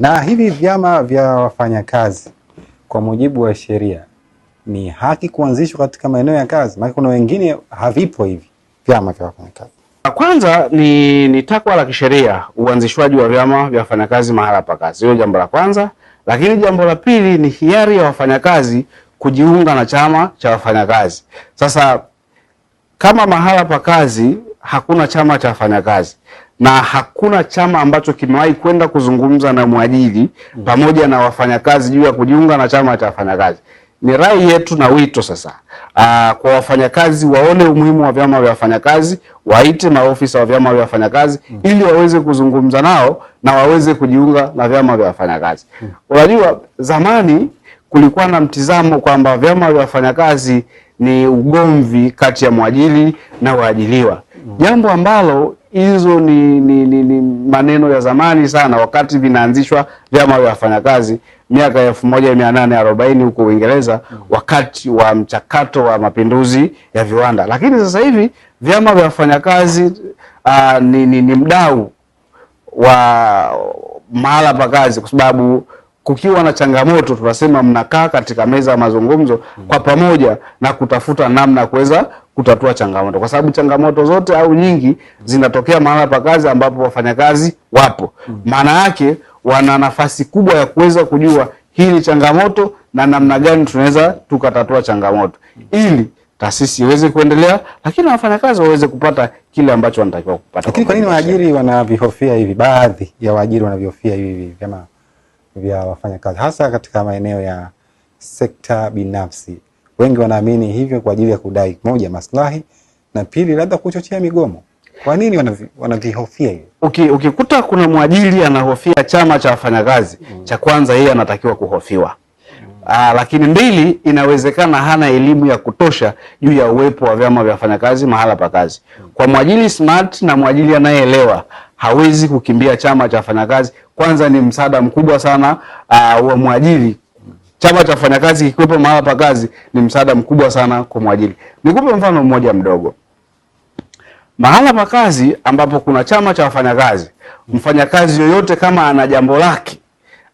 Na hivi vyama vya wafanyakazi kwa mujibu wa sheria ni haki kuanzishwa katika maeneo ya kazi, maana kuna wengine havipo hivi vyama vya wafanyakazi. Kwanza ni, ni takwa la kisheria uanzishwaji wa vyama vya wafanyakazi mahala pa kazi, hiyo jambo la kwanza. Lakini jambo la pili ni hiari ya wafanyakazi kujiunga na chama cha wafanyakazi. Sasa kama mahala pa kazi hakuna chama cha wafanyakazi na hakuna chama ambacho kimewahi kwenda kuzungumza na mwajiri pamoja na wafanyakazi juu ya kujiunga na chama cha wafanyakazi. Ni rai yetu na wito sasa, aa, ah, kwa wafanyakazi waone umuhimu wa vyama vya wafanyakazi, waite maofisa wa vyama vya wafanyakazi mm. ili waweze kuzungumza nao na waweze kujiunga na vyama vya wafanyakazi mm. Unajua, zamani kulikuwa na mtizamo kwamba vyama vya wafanyakazi ni ugomvi kati ya mwajiri na waajiliwa mm. jambo ambalo hizo ni, ni, ni, ni maneno ya zamani sana, wakati vinaanzishwa vyama vya wafanyakazi miaka elfu moja mia nane arobaini huko Uingereza, wakati wa mchakato wa mapinduzi ya viwanda. Lakini sasa hivi vyama vya wafanyakazi uh, ni, ni, ni mdau wa mahala pa kazi, kwa sababu kukiwa na changamoto tunasema mnakaa katika meza ya mazungumzo kwa pamoja na kutafuta namna ya kuweza kutatua changamoto, kwa sababu changamoto zote au nyingi zinatokea mahala pa kazi ambapo wafanyakazi wapo. Mm. Maana yake wana nafasi kubwa ya kuweza kujua hii ni changamoto na namna gani tunaweza tukatatua changamoto ili taasisi iweze kuendelea, lakini wafanyakazi waweze kupata kile ambacho wanatakiwa kupata. Lakini kwa nini waajiri wanavihofia hivi? Baadhi ya waajiri wanavihofia hivi vyama vya wafanyakazi, hasa katika maeneo ya sekta binafsi. Wengi wanaamini hivyo kwa ajili ya kudai moja maslahi na pili labda kuchochea migomo. Kwa nini wanavihofia hiyo? Okay, ukikuta okay, kuna mwajiri anahofia chama cha wafanyakazi mm. cha kwanza yeye anatakiwa kuhofiwa mm. Ah, Aa, lakini mbili, inawezekana hana elimu ya kutosha juu ya uwepo wa vyama vya wafanyakazi mahala pa kazi mm. Kwa mwajiri smart na mwajiri anayeelewa hawezi kukimbia chama cha wafanyakazi. Kwanza ni msaada mkubwa sana uh, wa mwajiri chama cha wafanyakazi kikiwepo mahala pa kazi ni msaada mkubwa sana kwa mwajiri. Nikupe mfano mmoja mdogo. Mahala pa kazi ambapo kuna chama cha wafanyakazi, mfanyakazi yoyote kama ana jambo lake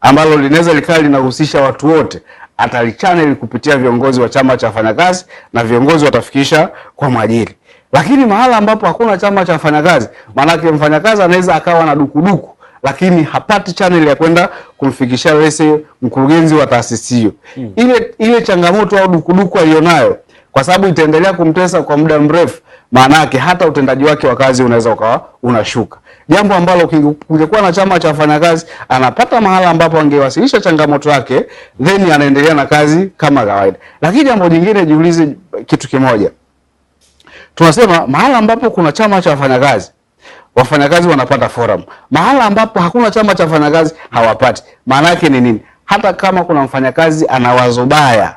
ambalo linaweza likawa linahusisha watu wote atalichaneli kupitia viongozi wa chama cha wafanyakazi na viongozi watafikisha kwa mwajiri. Lakini mahala ambapo hakuna chama cha wafanyakazi, maanake mfanyakazi anaweza akawa na dukuduku lakini hapati channel ya kwenda kumfikishia rais mkurugenzi wa taasisi hiyo mm. Ile ile changamoto au dukuduku alionayo, kwa sababu itaendelea kumtesa kwa muda mrefu, maana yake hata utendaji wake wa kazi unaweza ukawa unashuka, jambo ambalo kingekuwa na chama cha wafanyakazi, anapata mahala ambapo angewasilisha changamoto yake, then anaendelea na kazi kama kawaida. Lakini jambo jingine, jiulize kitu kimoja, tunasema mahala ambapo kuna chama cha wafanyakazi wafanyakazi wanapata forum. Mahala ambapo hakuna chama cha wafanyakazi hawapati. Maana yake ni nini? Hata kama kuna mfanyakazi ana wazo baya,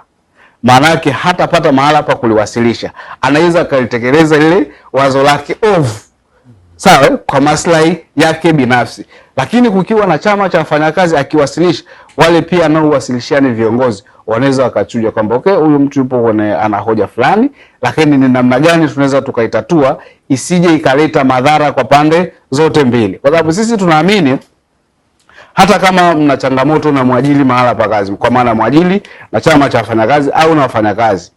maana yake hatapata mahala pa kuliwasilisha, anaweza akalitekeleza lile wazo lake ovu, sawa, kwa maslahi yake binafsi. Lakini kukiwa na chama cha wafanyakazi, akiwasilisha wale pia anaowasilishia ni viongozi, wanaweza wakachuja kwamba okay, huyu mtu yupo kwenye ana hoja fulani lakini ni namna gani tunaweza tukaitatua isije ikaleta madhara kwa pande zote mbili, kwa sababu sisi tunaamini hata kama mna changamoto na mwajili mahala pa kazi, kwa maana mwajili na chama cha wafanyakazi au na wafanyakazi,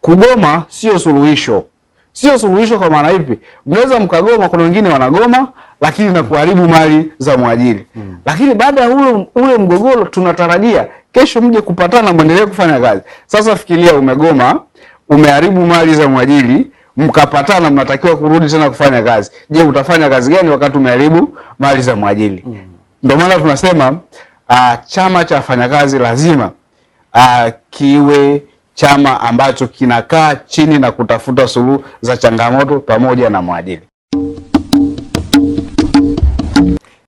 kugoma sio suluhisho. Sio suluhisho kwa maana ipi? Mnaweza mkagoma, kuna wengine wanagoma, lakini na kuharibu mali za mwajili hmm. Lakini baada ya ule ule mgogoro, tunatarajia kesho mje kupatana, mwendelee kufanya kazi. Sasa fikiria, umegoma umeharibu mali za mwajiri, mkapatana, mnatakiwa kurudi tena kufanya kazi. Je, utafanya kazi gani wakati umeharibu mali za mwajiri? mm. Ndio maana tunasema uh, chama cha wafanyakazi lazima uh, kiwe chama ambacho kinakaa chini na kutafuta suluhu za changamoto pamoja na mwajiri.